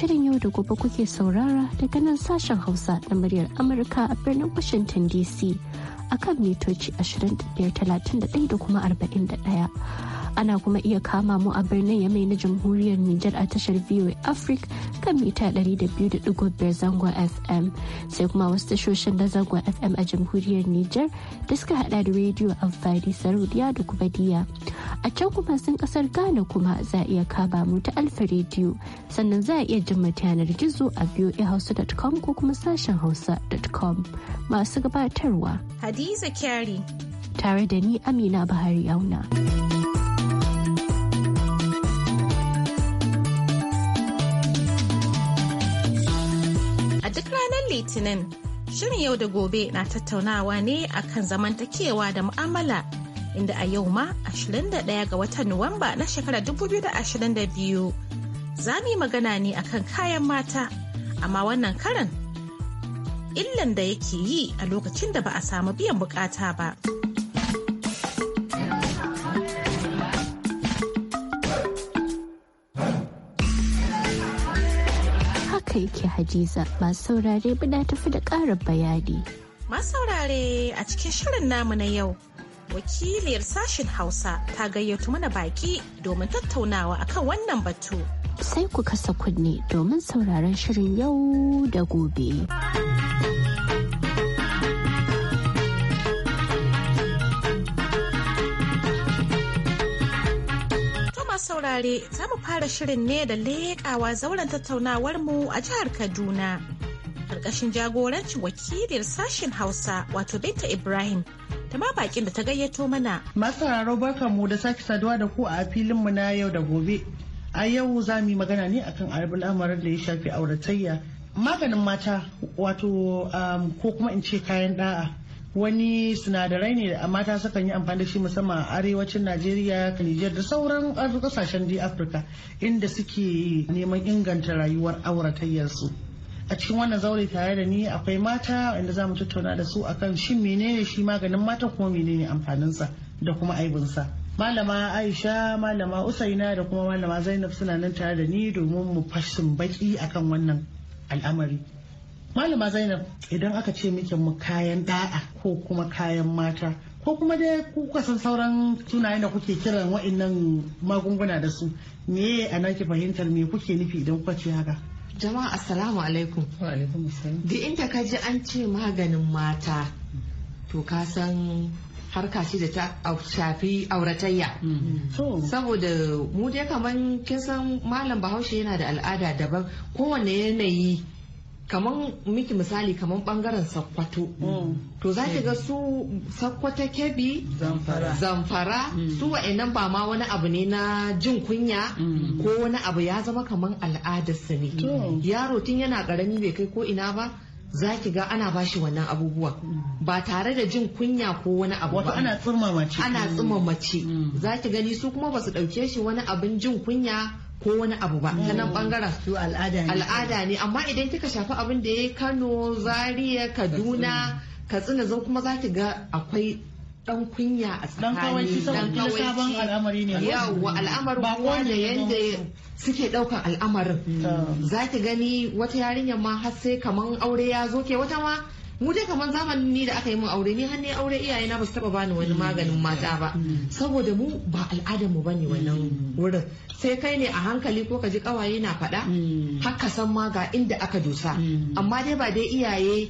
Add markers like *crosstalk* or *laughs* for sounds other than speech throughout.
Shirin yau da gobe kuke saurara daga nan sashen Hausa na muryar Amurka a birnin Washington DC akan mitoci 2531 da kuma 41. ana kuma iya kama mu a birnin yamai na jamhuriyar Nijar a tashar VOA Africa kan mita 200.5 zangon FM sai kuma wasu tashoshin na zangon FM a jamhuriyar Nijar da suka hada da rediyo amfani sarudiya da kuma diya. A can kuma sun kasar Ghana kuma za a iya kama mu ta alfa rediyo sannan za a iya jin yanar gizo a voahausa.com ko kuma sashen hausa.com masu gabatarwa. Hadiza Kyari. Tare da ni Amina Bahari Auna. Litinin. Shirin yau da gobe na tattaunawa ne akan zamantakewa da mu'amala inda a yau ma 21 ga watan Nuwamba na shekarar 2022 za mu magana ne akan kayan mata amma wannan karan illan da yake yi a lokacin da ba a samu biyan bukata ba. Hadiza masu saurare bida tafi da ƙarin bayani. Masu saurare a cikin shirin namu na yau wakiliyar sashen Hausa ta gayyato mana baki domin tattaunawa akan wannan batu. Sai ku kasa kunne domin sauraron shirin yau da gobe. saurare za mu fara shirin ne da leƙawa zauren tattaunawar mu a jihar Kaduna. Karkashin jagorancin wakilin sashen Hausa wato Binta Ibrahim ta ma bakin da ta gayyato mana. masu Masararo mu da sake saduwa da ku a mu na yau da gobe. A yau za mu yi magana ne akan al'amarin da ya shafi auratayya. Maganin mata wato um, ko kuma in ce kayan da'a wani sinadarai ne da mata sukan yi amfani da shi musamman a arewacin najeriya nijar da sauran kasashen di afirka inda suke neman inganta rayuwar auratayyarsu a cikin wannan zaure tare da ni akwai mata inda za mu tattauna da su akan shin menene shi maganin mata kuma menene amfaninsa da kuma aibinsa malama aisha malama usaina da kuma malama zainab suna nan tare da ni domin mu fashin baki akan wannan al'amari malama zainab idan aka ce muke mu kayan da'a ko kuma kayan mata ko kuma dai kuka san sauran tunaye da kuke kiran wa'annan magunguna da su me a ki fahimtar me kuke nufi idan kuka ce haka jama'a assalamu alaikum da inda ka ji an ce maganin mata to ka san harka ce da ta shafi auratayya mm-hmm. saboda mu dai kamar kin san malam bahaushe yana da al'ada daban kowane yanayi kaman miki misali kaman bangaren sakkwato mm. to za ki ga su sakkwata kebi zamfara mm. su wa'annan ba ma wani abu ne na jin kunya mm. ko wani abu ya zama kaman al'adarsa ne yaro tun yana karami bai kai ko ina ba za ki ga ana bashi wannan abubuwa ba tare da jin kunya ko wani abu ba ana tsumamace ana za ki gani su kuma ba su ɗauke shi wani abin jin kunya ko wani abu ba ta nan bangaren al'ada ne amma idan kika shafi abin da ya kano zaria kaduna katsina zan kuma zaki ga akwai dan kunya a tsakani dan kawai sabon al'amari ne yawa al'amarin kowa da yanda suke daukan al'amarin mm. Zaki gani wata yarinya ma har sai kaman aure ya zo ke wata ma mu dai kamar zamanin ni da aka yi mun aure ni har ne aure iyaye na ba su taba bani wani maganin mata ba saboda mu ba al'adar mu bane wannan wurin sai kai ne a hankali ko ka ji kawaye na faɗa haka san ma ga inda aka dusa amma dai ba dai iyaye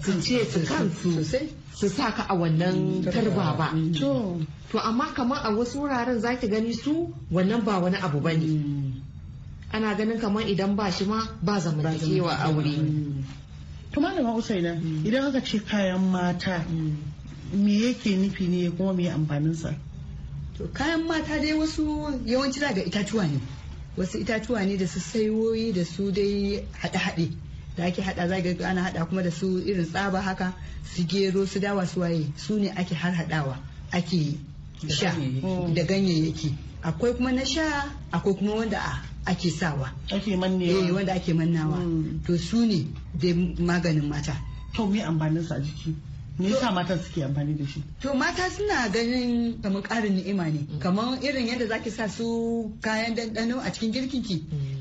su ce su kansu su sa ka a wannan tarba ba to amma kamar a wasu wuraren zaki gani su wannan ba wani abu bane ana ganin kamar idan ba shi ma ba zamantakewa aure to malama usaina mm. idan aka ce kayan mata mm. me yake nufi ne kuma me sa to kayan mata dai wasu yawanci daga itatuwa ne wasu itatuwa ne da su saiwoyi da su dai hada hade da ake hada za ga ana hada kuma da su irin tsaba haka su gero su dawa su waye su ne ake har hadawa ake sha da ganyayyaki akwai kuma na sha akwai kuma wanda a ake sawa ake mannewa eh wanda ake mannawa hmm. to su ne da maganin mata to me amfanin sa jiki me yasa mata suke amfani da shi to mata suna ganin kamar karin ni'ima ne hmm. kamar irin yadda zaki sa su kayan dandano a cikin girkin ki hmm.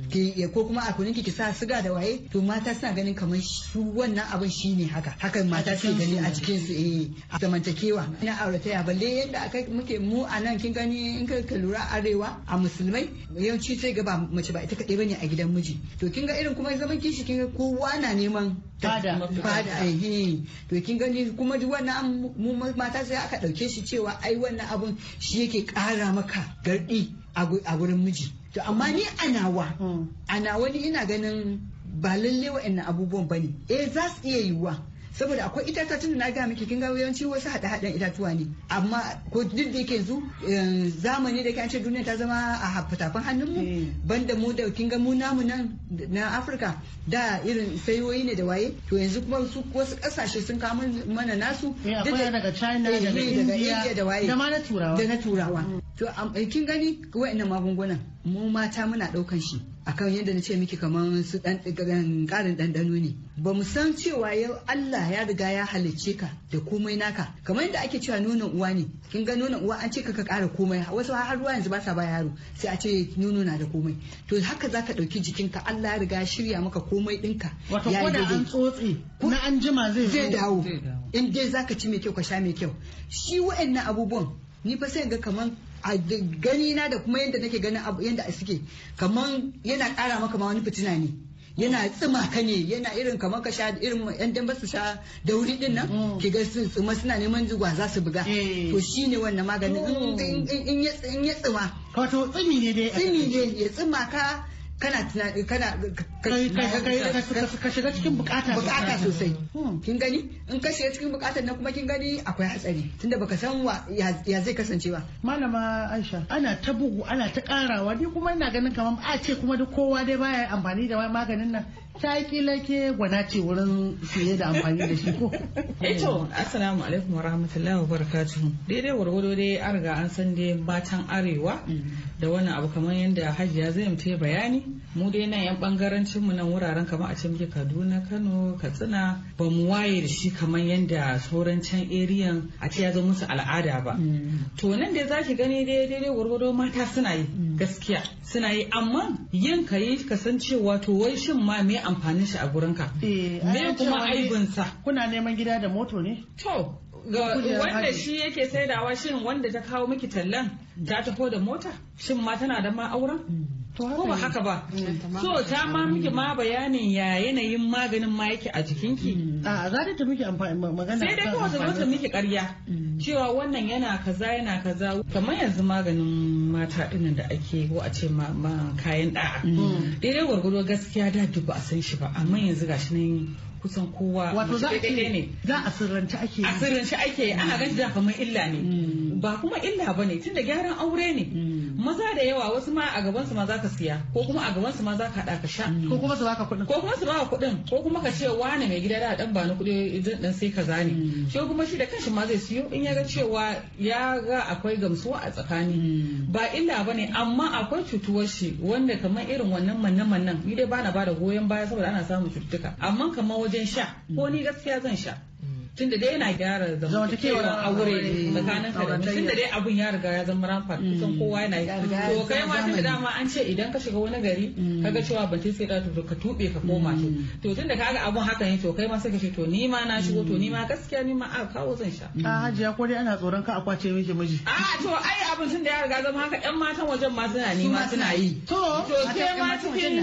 ko kuma a kunin ki sa suga da waye to mata suna ganin kamar su wannan abin ne haka hakan mata suke gani a cikin su eh zamantakewa na ya balle yadda aka muke mu a nan kin gani in ka lura arewa a musulmai yawanci sai ga ba mace ba ita kaɗai bane a gidan miji to kin ga irin kuma zaman kishi kin ga kowa na neman fada fada eh, eh to kin gani kuma duk wannan mu mata sai aka dauke shi cewa ai wannan abun shi yake kara maka gardi a gurin miji to amma ni a nawa hmm. a nawa ni ina ganin ba lalle wa'annan abubuwan ba ne eh za su iya yiwuwa saboda akwai itatuwa da na ga miki kin ga yawanci wasu haɗa hadan itatuwa ne amma ko duk da yake yanzu eh, zamani da kan ce duniya ta zama a fatafan hannun mu hmm. banda mu da kin ga mu namu nan na Afirka da irin sayoyi ne da waye to yanzu kuma su wasu kasashe sun kawo mana nasu akwai daga China daga eh, India da waye da ma na turawa da na turawa to eh, kin gani wa'annan magungunan mu mata muna ɗaukan shi akan yadda na ce miki kamar su ɗan ƙarin ɗanɗano ne ba mu san cewa yau Allah ya riga ya halicce ka da komai naka kamar yadda ake cewa nuna uwa ne kin ga nonon uwa an ce ka ƙara komai wasu har ruwa yanzu ba sa ba yaro sai a ce nono na da komai to haka zaka ɗauki jikinka Allah ya riga shirya maka komai ɗinka wato ko da an tsotse na an jima zai dawo in dai zaka ci mai kyau ka sha mai kyau shi wa'annan abubuwan ni fa sai ga kamar a gani na da kuma yadda nake ganin abu yadda suke kaman yana kara maka ma wani fitina ne yana tsima ka ne yana irin kamar ka sha irin yan dan basu sha da wuri din nan mm. ki ga sun tsima suna neman jigwa za su buga eh. to shine wannan maganin mm. in ya tsima wato tsimi ne dai tsimi ne ya tsima ka kana tunani kana ka shiga cikin bukata bukata sosai hmm. Hmm, kin gani in ka cikin bukatar nan kuma kin gani akwai hatsari tunda baka san wa ya zai kasance ba malama Aisha ana ta bugu ana ta karawa ni kuma ina ganin kamar a ce kuma duk kowa dai baya amfani da maganin nan ta kila ke gwana ce wurin siye da amfani da shi ko eto eh assalamu alaikum wa rahmatullahi wa barakatuhu daidai warwado dai an riga an san dai matan arewa mm. da wani abu kamar yadda hajiya zai mutu bayani mu dai nan yan bangarancin mu nan wuraren kamar a can muke Kaduna Kano Katsina ba mu waye da shi kamar yadda sauran can eriyan a ce ya zo musu al'ada ba mm. to nan dai zaki gani dai daidai warwado mata suna yi mm. gaskiya suna yi amma yin ka yi kasancewa to wai shin ma me amfanin shi a gurin ka eh, me kuma aibin sa kuna neman gida da moto ne to wanda shi yake saidawa shin wanda ta kawo miki tallan ta taho da mota shin ma tana da ma auren mm. ko ba haka ba mm, so ta ma miki ma bayanin ya yanayin maganin ma yake a jikinki mm. a za ta miki amfani magana sai dai ko ta zo miki karya mm. cewa wannan yana kaza yana kaza kamar yanzu maganin mata dinnan da ake ko a ce ma kayan da'a daidai gwargwado gaskiya da duk ba a san shi ba amma yanzu gashi nan kusan kowa wato za ne za a sirrance ake a sirrance ake ana ganin da kamar illa ne mm. ba kuma illa bane tunda gyaran aure ne mm. maza da yawa wasu ma a gaban su ma zaka siya ko kuma a gaban su ma zaka hada ka sha mm. ko kuma su baka kuɗin ko kuma su baka kuɗin ko kuma ka ce wani mai gida da dan bani kuɗi idan dan sai kaza ne shi kuma shi da kanshi ma zai siyo in ya ga cewa ya ga akwai gamsuwa a tsakani ba illa bane amma akwai cutuwar shi wanda kamar irin wannan manne-mannen ni dai bana bada goyon baya saboda ana samun cututtuka amma kamar waje wajen sha ko ni gaskiya zan sha tun da dai yana gyara zamantakewar aure tsakanin ka da tun da dai abun ya riga ya zama rampart mm. kusan kowa yana yi to kai ma tun da dama an ce idan ka shiga wani gari mm. kaga cewa ba ta sai to ka tube ka koma mm. to to tun da kaga abun haka ne to kai ma sai ka ce to ni ma na shigo to ni ma gaskiya ni ma a kawo zan sha a ah, hajiya ko dai ana tsoron ka a kwace miki miji a ah, to ai abun tun da ya riga zama haka yan matan wajen ma suna ni ma suna yi to to ke ma cikin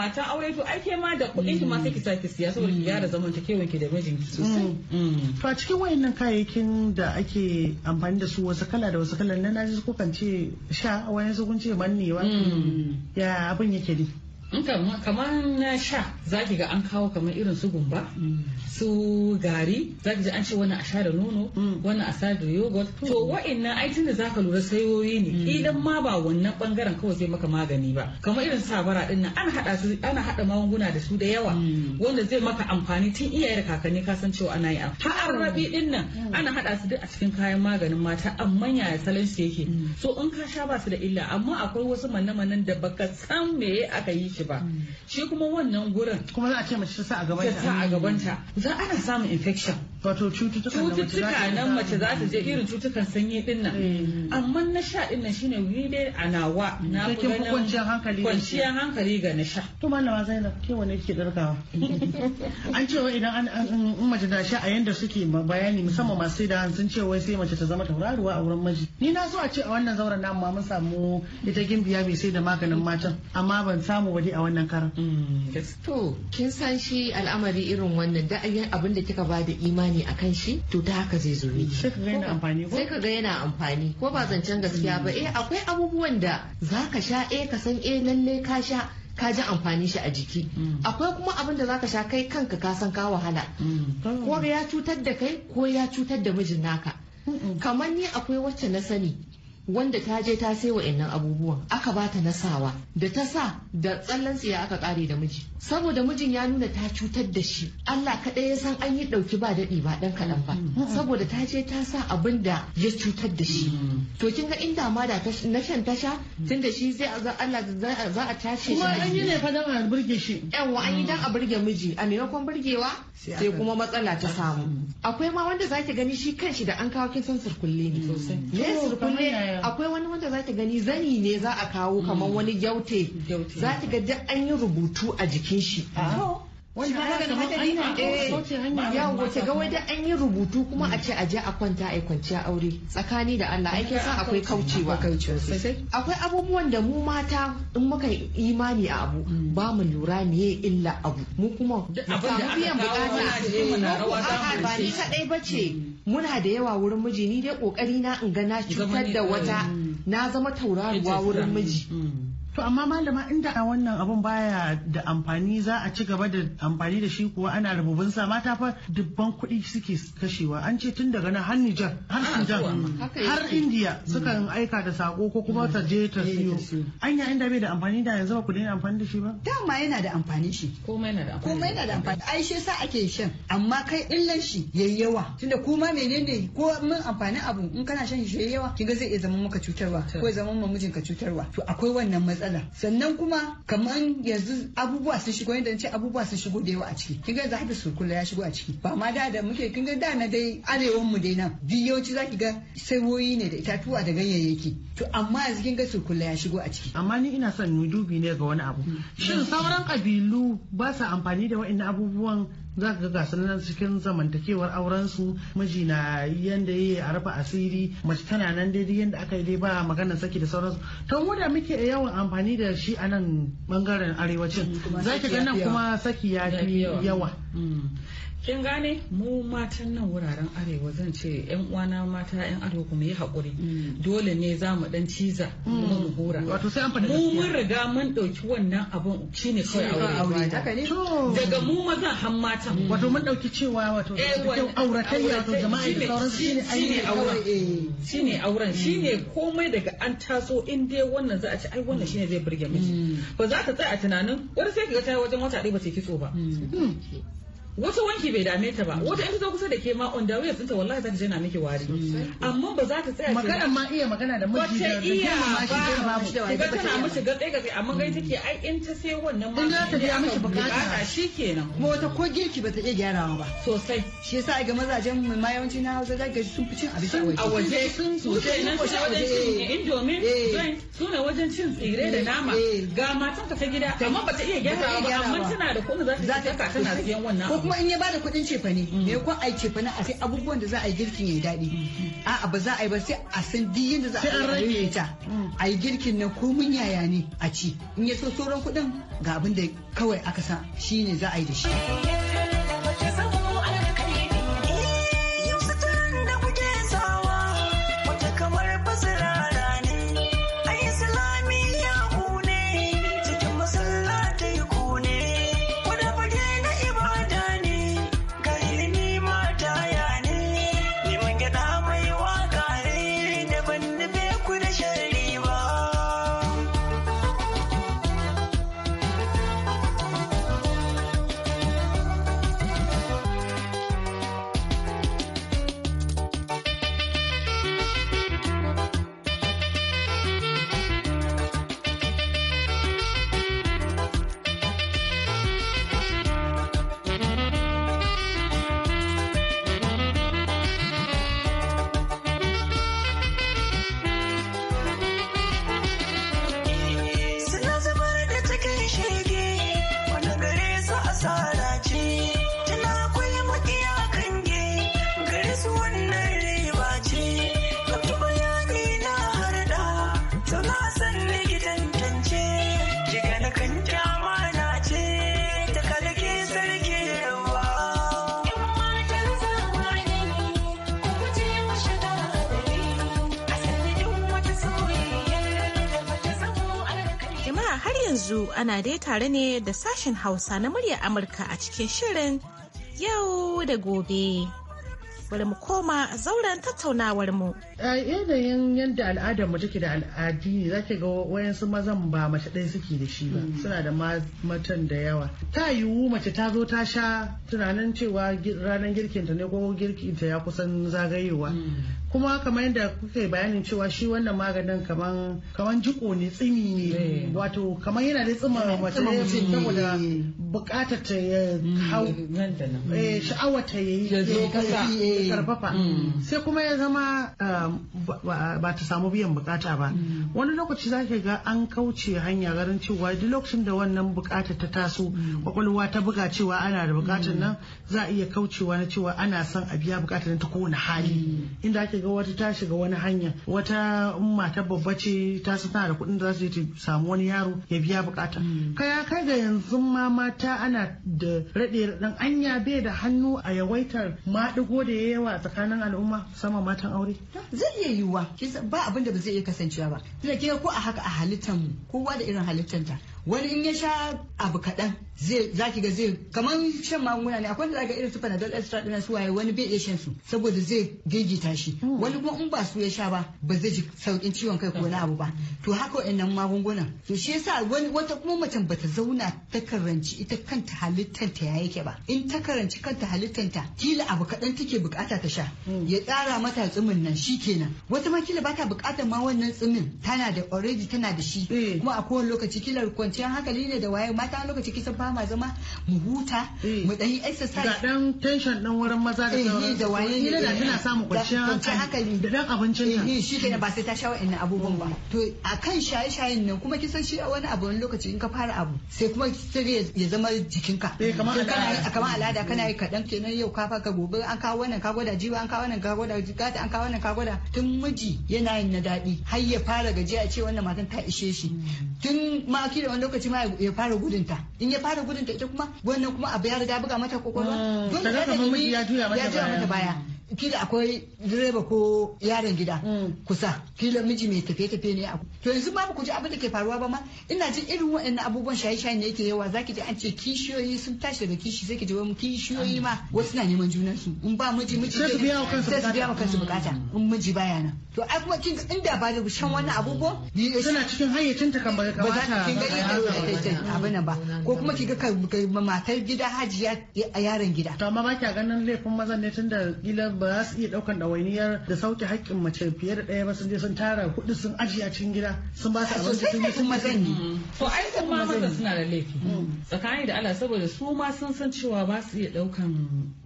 matan aure to ai ke ma da kuɗin ki ma sai ki sake siya saboda ki gyara zamantakewan ki da mijinki sosai Mm. to a cikin wayannan kayayyakin da ake amfani da su wasu kala da wasu kala na naji kukan ce sha wayan su kun ce mm. ya abin yake ne ma kamar na sha za ki ga an kawo kamar irin su gumba mm. su gari za ki ji an ce wani a sha da nono mm. wani a sa da yogurt to mm. wa'annan ai tunda zaka lura sayoyi ne idan ma ba wannan bangaren kawai zai maka magani ba kamar irin sabara din nan ana hada ana hada magunguna da su da yawa wanda zai maka amfani tun iyaye da kakanni ka san cewa ana yi har rabi din nan ana hada su duk a cikin kayan maganin mata amma ya salon su yake so in ka sha ba su da illa amma akwai wasu manne-mannen da baka san me aka yi mace ba hmm. shi kuma wannan gurin kuma za a ce mace ta sa a gabanta ta a gabanta za ana samun infection wato cututtuka nan mace za ta je irin cututtukan sanyi din nan hmm. amma na sha din nan shine we dai a nawa hmm. na kwanciyar hankali kwanciyar hankali ga na sha to malama Zainab ke wanne ke darkawa *laughs* an ce wai idan an mace na sha a yanda suke bayani musamman masu da sun ce wai sai mace ta zama tauraruwa a wurin maji ni na so a ce a wannan zauren namu ma mun samu ita gimbiya mai sai da maganin matan amma ban samu ba hankali a wannan karan mm, to kin san shi al'amari irin wannan da abin da kika bada imani akan shi to ta haka zai zo miki sai ka ga yana amfani ko sai ka ga yana amfani ko ba zancen gaskiya ba eh akwai abubuwan da za ka sha eh ka san eh lalle ka sha ka ji amfani shi a jiki mm. akwai kuma abin da za ka sha kai kanka ka san ka wahala mm. ko ya cutar da kai ko ya cutar da mijin naka kamar ni akwai wacce na sani wanda ta je ta sai wa'annan abubuwan aka ba ta nasawa da ta sa da tsallan tsiya aka kare da miji saboda mijin ya nuna ta cutar da shi Allah kaɗai ya san an yi ɗauki ba daɗi ba ɗan kaɗan ba mm-hmm. saboda ta je ta sa abin da ya cutar da shi mm-hmm. to kin ga inda ma na shan tasha mm-hmm. tun da shi zai ga Allah za a tashi shi kuma an yi ne fa dan a burge shi yawa an yi dan a burge miji a maimakon burgewa sai kuma matsala ta samu akwai ma wanda zaki gani shi kanshi da an kawo kin san surkulle ne sosai ne sirkulle akwai wani wanda za ta gani zani ne za a kawo kamar hmm. wani gyaute za ta ga duk an yi rubutu a jikin shi ah. wannan aya kamar an yi wace ga wajen an yi rubutu kuma a ce a je a kwanta a yi kwanciya aure tsakani da Allah ai sa akwai kaucewa akwai abubuwan da mu mata in muka imani a abu mm. ba mu lura meye illa abu mu kuma samu biyan bukata ba ni kadai bace mm. muna da yawa wurin miji ni dai kokari na in ga na cutar da wata mm. na zama tauraruwa wurin miji To amma malama inda a wannan abun baya da amfani za a ci gaba da amfani da shi kuwa ana rububin sa mata fa dubban kuɗi suke kashewa an ce tun daga nan har Nijar har ah, Sudan har India sukan mm. aika da sako ko kuma mm. ta je ta siyo anya inda bai da amfani da yanzu ba ku daina amfani da shi ba dama yana da amfani shi komai yana da amfani komai yana da amfani ai shi sa ake shan amma kai illan shi yayi yawa tunda kuma menene ko mun amfani abu in kana shan shi yayi yawa kinga zai iya zama maka cutarwa ko ya zama ma ka cutarwa to akwai wannan matsala matsala sannan kuma kaman yanzu abubuwa sun shigo yadda ce abubuwa sun shigo da yawa a ciki kin ga yanzu haɗa surkula ya shigo a ciki ba ma da da muke kin ga da na dai arewan mu dai nan biyoci zaki ga saiwoyi ne da itatuwa da ganyayyaki to amma yanzu kin ga surkula ya shigo a ciki amma ni ina son dubi ne ga wani abu mm. shin sauran kabilu ba sa amfani da wa'annan abubuwan za ka ga nan cikin zamantakewar auren su miji na yanda yayi a rafa asiri mace tana nan daidai yanda aka yi dai ba magana saki da sauransu to mu da muke yawan amfani da shi a nan bangaren arewacin za ki ga nan kuma saki ya fi yawa Mm. kin gane mu matan nan wuraren arewa zan ce yan uwana mata yan arewa kuma yi haƙuri mm. dole ne za mu dan ciza mm. kuma mu hura mu mun riga mun ɗauki wannan abun shine kawai aure daga mu mazan har matan wato mun ɗauki cewa wato eh, auratayya wato jama'a da sauransu shine shine auren eh. shine auren shine komai daga an taso in dai wannan za a ci ai wannan shine zai burge miki ba za ka tsaya a tunanin wani sai ka ga ta wajen wata ɗaya ba ta kitso ba wata wanki bai dame ta ba wata in ta kusa da ke ma on da way tsinta wallahi za ta jana miki wari amma ba za ta tsaya magana ma iya magana da miji da iya ma shi ta ba mu ga tana mishi ga tsaye ga tsaye amma gai take ai in ta sai wannan ma in za ta biya mishi bukata shikenan kuma wata ko girki ba ta iya gyarawa ba sosai shi yasa ga mazajen mu ma yawanci na Hausa zaka sun fi cin abinci a waje sun sosai nan sai wajen cin indomi eh. joint suna wajen cin tsire da nama eh. Eh. ga matan ta gida amma ba ta iya gyarawa ba amma tana da kuma za ta saka tana siyan wannan kuma in ya bada kuɗin cefane me ko ai cefane a sai abubuwan da za a yi girkin ya daɗi a'a ba za a yi ba sai a san diyin da za a yi ta a yi girkin na komin yaya ne a ci in ya so sauran kuɗin ga abin da kawai aka sa shine za a yi da shi. yanzu ana dai tare ne da sashen Hausa na murya Amurka a cikin shirin yau da gobe. bari mu koma zauren tattaunawar mu. yanayin yadda al'adarmu take da al'adi ne zaki ga wayansu mazan ba mace ɗaya suke da shi ba mm. suna da matan da yawa ta yiwu mace ta zo ta sha tunanin cewa ranar girkin ta ne ko girkinta ya kusan zagayewa mm. kuma kamar yadda kuke bayanin cewa shi wannan maganin kamar. Kamar jiko ne tsimi ne eh. wato kamar yana da tsima eh, mace ne saboda bukatar ta ya mm. hau eh, sha'awa ta Eh, karfafa mm. sai kuma ya zama um, ba ta samu biyan bukata ba mm. wani lokaci za ga an kauce hanya garin cewa duk lokacin da wannan bukata ta taso mm. kwakwalwa ta buga cewa ana da bukatar nan za a iya kaucewa na cewa ana son a biya bukatar ta kowane hali inda ake ga wata ta shiga wani hanya wata mata babba ce ta tana da kuɗin da za su ta samu wani yaro ya biya bukata kaya kai ga yanzu ma mata ana da raɗe raɗen anya bai da hannu a yawaitar maɗigo da ya yawa tsakanin al'umma musamman matan aure zai iya yiwuwa ba abin da ba zai iya kasancewa ba tunda kika ko a haka a halittan mu kowa da irin halittanta. wani in ya sha abu kaɗan zai zaki ga zai kamar shan magunguna ne akwai da zaka irin su panadol extra ɗin su waye wani bai iya shan su saboda zai gigita shi hmm. wani kuma in ba su ya sha ba ba zai ji saukin ciwon kai ko wani abu ba to haka waannan magunguna to shi yasa wani wata kuma macen bata zauna ta karanci ita kanta ta ya yake ba in ta karanci kanta ta kila abu kaɗan take bukata ta sha hmm. ya tsara mata tsumin nan shi kenan wata ma kila bata bukatar ma wannan tsumin tana da already tana da shi hmm. kuma a kowane lokaci kila kwanci kwanciyar hankali ne da waye mata lokaci kisan ba ma zama mu huta eh. mu dan exercise ga dan tension dan wurin maza da eh, sauran da waye ne da tana samu kwanciyar hankali da dan abincin eh, nan shi kenan ba sai ta sha in abubuwan ba mm. to akan shaye-shayen nan kuma kisan shi wani abu wani lokaci in ka fara abu sai kuma sai ya zama jikinka kamar al'ada kana yi mm. kaɗan kenan yau ka faka gobe an kawo wannan ka gwada jiwa an kawo wannan ka gwada gata an kawo wannan ka gwada tun miji yana yin na daɗi har ya fara gajiya ce wannan matan ta ishe shi mm. tun ma kila lokaci ma ya fara gudunta in ya fara gudunta ita kuma wannan kuma abu ya riga buga mata ah, ya da ya juya mata baya kila akwai direba ko yaron gida mm. kusa kila miji mai tafe tafe ne abu to yanzu babu ku ji abin da ke faruwa ba ma ina jin irin waɗannan abubuwan shaye-shaye ne yake yawa zaki ji an ce kishiyoyi sun tashi daga kishi sai ki ji wani kishiyoyi ma wasu na neman junan su in ba miji miji sai su biya wa kansu bukata biya wa kansu bukata in miji baya nan to ai kuma kin inda ba da shan wannan abubuwan suna cikin hayyacin ta kamar kamata ba za kin ga abin nan ba ko kuma ki ga matar gida hajiya a yaron gida to amma ba kya ganin laifin mazan ne tunda kila ba za su iya daukan ɗawainiyar da sauke haƙƙin mace fiye da ɗaya ba sun je sun tara kuɗi sun ajiye a cikin gida sun ba su abinci sun yi sun mazanyi. Mm-hmm. To ai sun ma maza suna da laifi. Mm-hmm. Tsakani da Allah saboda su ma sun san cewa ba su iya daukan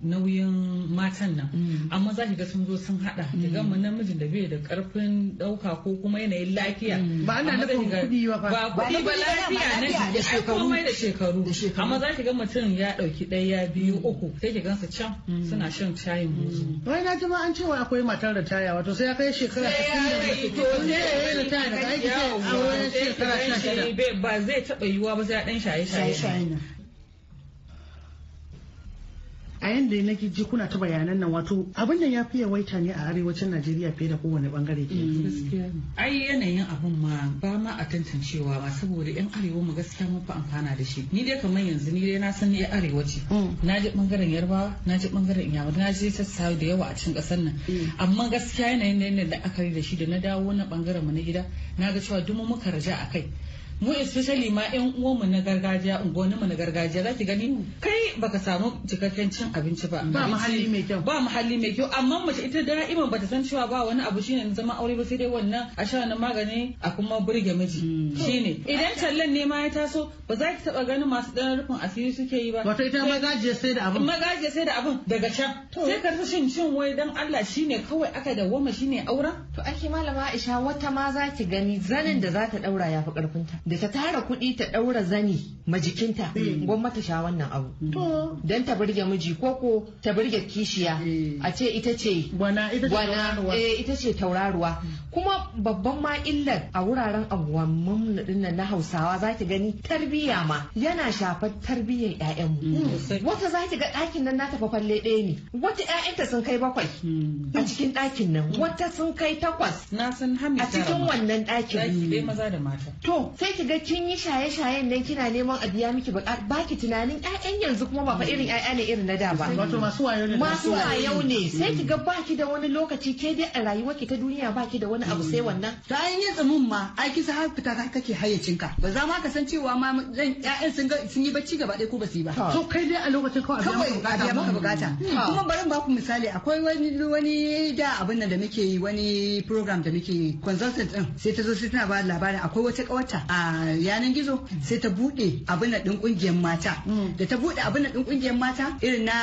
nauyin matan nan. Mm-hmm. Amma za ki ga sun zo sun haɗa. Ki ga mu namijin da bai da ƙarfin ɗauka ko kuma yanayin lafiya. Ba ana nufin kuɗi ba fa. Ba kuɗi ba lafiya na da shekaru. Komai da shekaru. Amma za ki ga mutum ya ɗauki ɗaya biyu uku sai ki gansa can suna shan shayin musu. Wai na ji ma an cewa akwai matar ritaya wato sai ya kai shekara 60 da ya yi ritaya daga aiki sai a wurin shekara Ba zai taɓa yiwuwa ba sai ya dan shaye-shaye. a yadda nake ji kuna ta bayanan nan wato abin da ya fi yawaita ne a arewacin Najeriya fiye da kowane bangare ke. Mm, Ai yanayin abun ma ba ma a tantancewa ba saboda yan arewa mu gaskiya mun fi amfana da shi. Ni dai kamar yanzu ni dai na san ni arewa ce. Mm. Na je bangaren Yarbawa, na je bangaren Inyamur, na ji sassa da yawa a cikin kasar nan. Mm. Amma gaskiya yanayin da aka yi da shi da na dawo na bangaren mu na gida na ga cewa duk muka raja a kai. mu especially ma yan uwanmu na gargajiya unguwanninmu na gargajiya za ki gani kai baka samu cikakken cin abinci ba ba muhalli mai kyau ba muhalli mai kyau amma mace ita da'iman bata san cewa ba wani abu shine zama aure ba sai dai wannan a sha na magani a kuma burge miji hmm. shine idan tallan ne ma ya taso ba za ki taba ganin masu dan rufin asiri suke yi ba wato ita magajiya sai da abin magajiya sai da abin daga can sai ka ta shin cin wai dan Allah shine kawai aka dawoma shine auren to ake malama Aisha wata ma za ki gani zanin da za ta daura ya fi karfinta da ta tara kuɗi ta ɗaura zani majikinta hmm. gwamnati sha wannan abu hmm. don ta birge miji koko ta birge kishiya hmm. a ce ita ce gwana ita ce tauraruwa eh, kuma babban ma illar a wuraren anguwannin nan na hausawa za ki gani tarbiyya ma yana shafar tarbiyyar ƴaƴanmu mm, wata za ki ga ɗakin nan nata falle ɗaya ne wata ƴaƴanta sun kai bakwai mm. a cikin ɗakin nan mm. wata sun kai takwas na sun a cikin wannan ɗakin maza da mata to sai ki ga kin yi shaye-shayen nan kina neman a biya miki buƙat ba ki tunanin ƴaƴan yanzu kuma ba fa irin ƴaƴa ne irin na da ba wato masu wayo ne masu wayo ne sai ki ga ba ki da wani lokaci ke dai a rayuwarki ki ta duniya ba ki da wani wani abu sai wannan bayan yin tsumin ma ai kisa har fita ta kake hayyacinka. ba za ma ka san cewa ma zan ƴaƴan sun ga sun yi bacci gaba ɗaya ko ba su yi ba to kai dai a lokacin kawai abu biya maka bukata hmm. Hmm. kuma bari ba ku misali akwai wani wani da abin nan da muke yi wani program da muke consultant din sai ta zo sai tana ba labarin akwai wata kawata a yanan gizo sai ta bude abin nan din kungiyar mata hmm. da ta bude abin nan din kungiyar mata irin na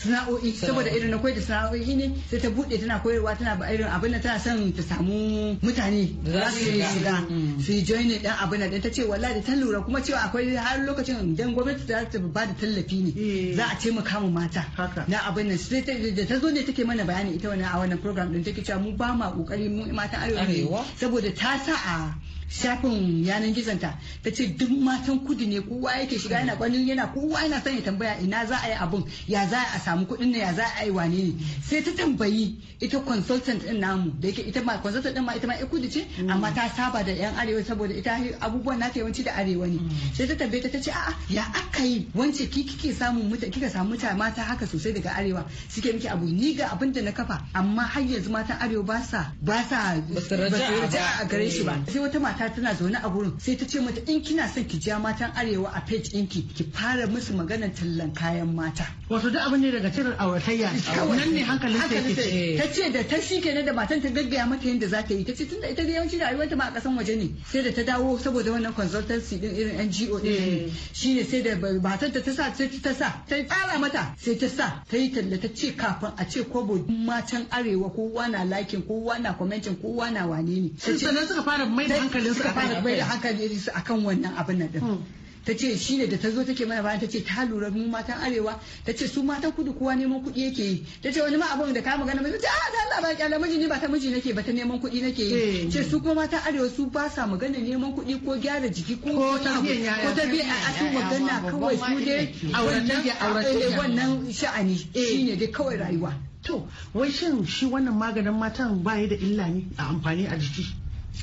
sana'o'i saboda irin na koyar da sana'o'i ne sai ta bude tana koyarwa tana ba irin abin nan tana son ta samu samu mutane da za su shiga mm. su yi join din abin da ta ce wallahi da ta lura kuma cewa akwai har lokacin idan gwamnati za ta ba da tallafi ne eh. za a taimaka mu mata na abin nan sai da ta zo ne take mana bayani ita wannan a wannan program din take cewa mu ba ma kokari mu mata arewa saboda ta sa a shafin yanar gizonta ta ce duk matan kudu ne kowa yake shiga yana kwanin yana kowa yana son ya tambaya ina za a yi abun ya za a samu kuɗin ya za a yi wane ne sai ta tambayi ita consultant din namu da yake ita ma consultant din ma ita ma kudu ce mm. amma ta saba da yan arewa saboda ita abubuwan na ta yawanci da arewa ne mm. sai ta tambaye ta ta ce a'a ya aka yi wance ki kike samu muta kika samu mutane mata haka sosai daga arewa suke miki abu ni ga abin da na kafa amma har yanzu matan arewa ba sa ba sa ba a gare shi ba eh. sai wata mata mata tana zaune a gurin sai ta ce mata in kina son ki ja matan arewa a page ɗinki ki fara musu maganar tallan kayan mata. Wato duk abin ne daga cikin auratayya nan ne hankalin ta yake. Ta ce da ta shi kenan da matan ta gaggaya mata yadda za ta yi ta ce tunda ita da yawanci da ta ma a kasan waje ne sai da ta dawo saboda wannan consultancy din irin NGO din shine eh. sai da matan ta sa sai ta sa ta tsara mata sai ta sa ta yi talla ta ce kafin a ce kobo matan arewa kowa na liking kowa na commenting kowa na wane ne. Sannan suka fara mai da hankalin hankalin suka fara bai da hankali su akan wannan abin nan din hmm. ta ce shi ne da ta zo take mana bayan ta ce ta lura mu matan arewa ta ce su matan kudu kowa neman kuɗi yake yi ta ce wani ma abin da ka magana mai ta ah, da Allah ba kyala miji ne ba ta miji nake ba ta neman kuɗi nake yi eh. ce su kuma matan arewa su ba sa magana neman kuɗi ko gyara jiki ko ko ta biya a su magana kawai su dai eh, wannan sha'ani eh. shine dai kawai rayuwa to wai shin shi wannan maganin matan ya da illa ne a amfani a jiki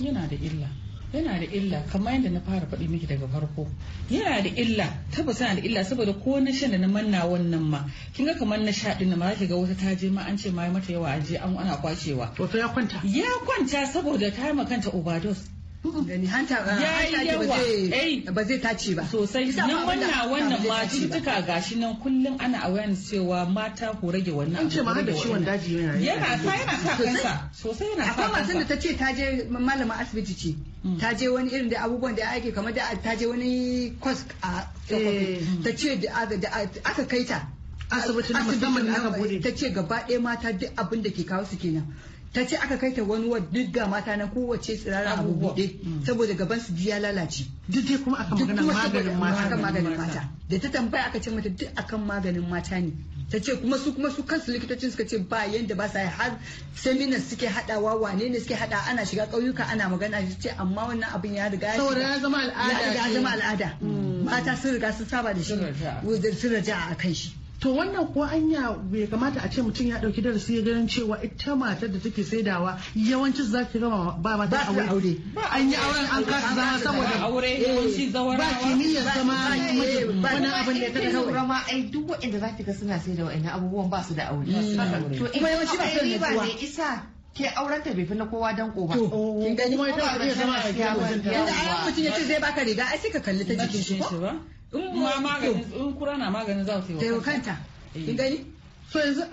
yana da illa yana da illa kamar yadda na fara faɗi miki daga farko yana da illa tabbas yana da illa saboda ko na shan da na manna wannan ma kin ga kamar na sha din ma zaki ga wata ta je ma an ce ma mata yawa aje an ana kwacewa to ya kwanta ya kwanta saboda ta ma kanta overdose gani hanta ah, eh. ba zai tace ba sosai na manna wannan ma cututtuka gashi nan kullum ana awareness cewa mata ko rage wannan an ce ma da ciwon daji yana yana sa yana sa kansa sosai yana sa kansa akwai matan da ta ce ta je malama asibiti ce Mm. ta je wani irin da abubuwan da ake kamar da ta je wani kwas a eh, mm. ta ce da aka kai ta asibiti na musamman da aka bude ta ce gaba ɗaya mata duk abin da ke kawo su kenan ta ce aka kai ta wani wa duk ga mata na kowace tsirara abu mm. saboda gaban su ya lalace duk kuma akan maganin mata akan da ta tambaya aka ce mata duk akan maganin mata ne ta ce kuma su kuma su kansu likitocin suka ce ba yanda ba sa har seminar suke hadawa wane ne suke hada ana shiga kauyuka ana magana su ce amma wannan abin ya riga ya zama al'ada mm. mata sun riga sun saba da shi sun raja a kan shi to wannan ko anya bai kamata a ce mutum ya dauki darasi ya ganin cewa ita matar da take saidawa yawanci za ki gama ba mata aure an yi auren an kasa zama saboda aure eh, yawanci zawara ba kimiyyar zama wani abin da kada kawai rama ai duk waɗanda za ki ga suna saidawa ina abubuwan ba su da aure mm. to kuma yawanci ba su da isa ke auren ta bai fi na kowa dan ko ba. Kin gani kuma ta iya zama a gidan ta. Inda ai mutum ya ce zai baka riga ai sai ka kalli ta jikin shi ba in ma maganin in kura na maganin za su yi kanta eh. kin gani so yanzu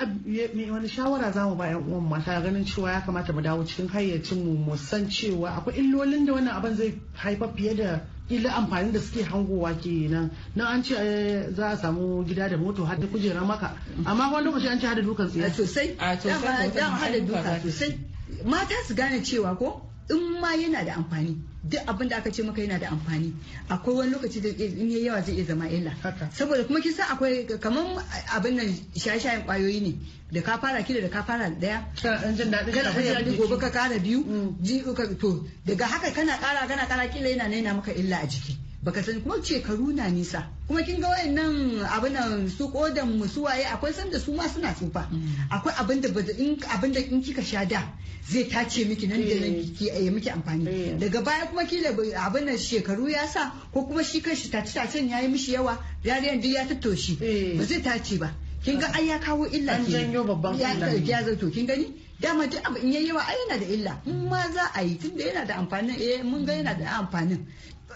wani shawara za mu ba yan uwan mata ganin cewa ya kamata mu dawo cikin hayyacin mu mu san cewa akwai illolin da wannan abin zai haifar fiye da illa amfanin da suke hangowa ke nan an ce eh, za a samu gida da moto har da kujera maka amma wani lokaci an ce hada dukan tsiya sosai A hada duka sosai mata su gane cewa ko in ma yana da amfani duk abin da aka ce maka yana da amfani akwai wani lokaci da in yi yawa zai iya zama illa saboda kuma kisa akwai kamar abin nan shaye kwayoyi ne da ka fara kila da ka fara daya kana jin gobe ka kara biyu mm. to daga haka kana kara kana kara kila yana yana maka illa a jiki baka sani kuma shekaru na nisa kuma kin ga wayannan abinan su kodan mu su waye akwai sanda su ma suna tsufa mm. akwai abin da in abin da in kika sha da zai tace miki nan da nan eh. ki ya eh, miki amfani eh. daga baya kuma kila abin shekaru ya sa ko kuma shi kanshi tace tace ya yi mishi yawa yariyan duk ya tattoshi ba zai tace ba kin ga ai ya kawo illa ke janyo babban illa ya zato kin gani dama duk abu in yayi yawa ai yana da illa in ma za a yi tunda yana da amfanin eh mun ga yana da amfanin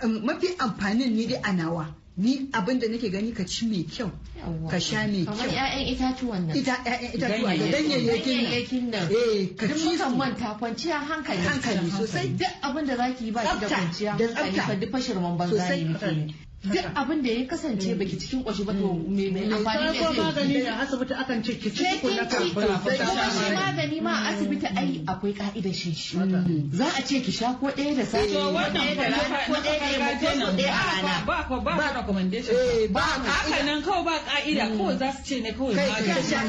mafi amfanin ni dai a nawa ni abin da nake gani ka ci mai kyau ka sha mai kyau kamar ƴaƴan itatuwan nan ita ƴaƴan itatuwa da ganyayyakin nan eh ka ci su manta kwanciya hankali hankali sosai duk abin da zaki yi ba ki da kwanciya hankali fa duk fashirman banza ne duk abin da ya kasance baki cikin kwashi ba to me me amfani ne sai magani a asibiti akan ce ki ci ko na kan shi magani ma a asibiti ai akwai ka'idar shan shi za a ce ki sha ko ɗaya da safe ko ɗaya da ko ɗaya da ko ɗaya a ana. ba ko ba recommendation eh, ba haka nan kawai ba ka'ida hmm. kawai za su ce ne kawai magani ka sha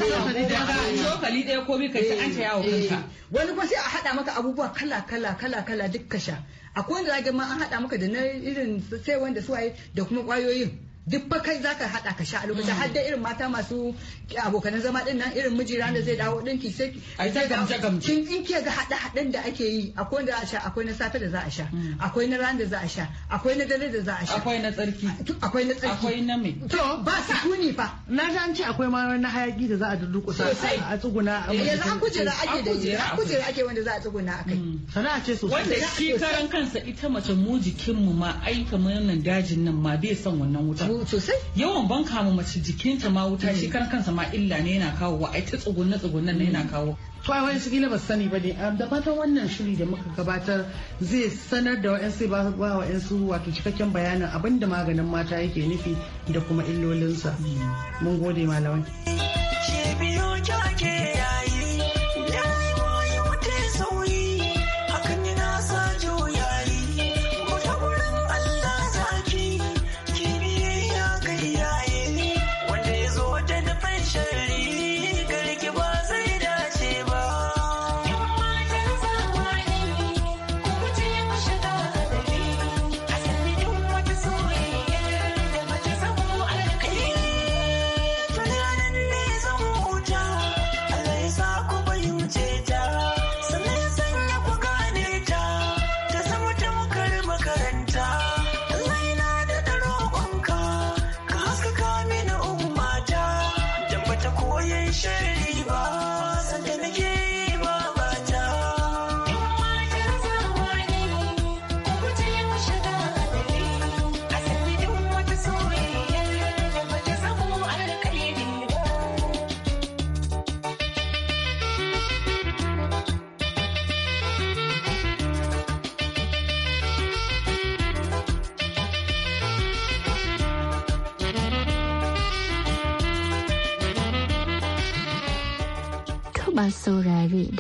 cokali ɗaya ko bi ka ci an ta yawo kanka eh, eh. wani ko sai a haɗa maka abubuwa kala kala kala kala duk ka sha akwai wanda zaka ma an haɗa maka da na irin sai wanda suwaye da kuma kwayoyin duk fa kai zaka hada ka sha a lokacin har da irin mata masu abokanan zama din nan irin miji ran da zai dawo din ki sai ai ta gamce gamce kin in ke ga hada hadan da ake yi akwai da a sha akwai na safe da za a sha hmm. akwai na ran da za a sha akwai na dare da za a sha akwai na tsarki akwai na tsarki akwai na me to ba kuni fa na ji an ce akwai ma na hayaki da za a sa a tsuguna a eh, yanzu an kujera ake da jira kujera ake wanda za a tsuguna a kai hmm. sana'a ce sosai wanda shi karan kansa ita mace mu jikin mu ma ai kamar nan dajin nan ma bai son wannan wuta sosai yawan ban kama mace jikinta ma wuta shi hmm. kan kansa ma illa ne yana kawo wa ai ta tsugunna tsugunnan ne yana hmm. kawo to ai wani kila ba sani ba ne da fatan wannan shiri da muka gabatar zai sanar da wa'ansu ba wa wa'ansu wato cikakken bayanin abinda maganin mata yake nufi da kuma illolinsa hmm. mun gode malamai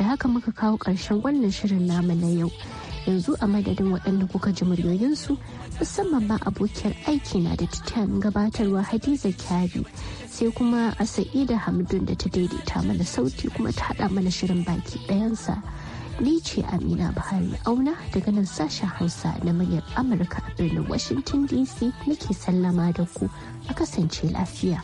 haka muka kawo ƙarshen wannan shirin namu na yau yanzu a madadin waɗanda kuka ji muryoyinsu musamman ma abokiyar aiki na da titan gabatarwa hadiza kyari sai kuma a sa'ida hamdun da ta daidaita mana sauti kuma ta haɗa mana shirin baki ɗayansa ni ce amina buhari auna daga nan sashen hausa na muryar amurka a birnin washington dc muke sallama da ku a kasance lafiya.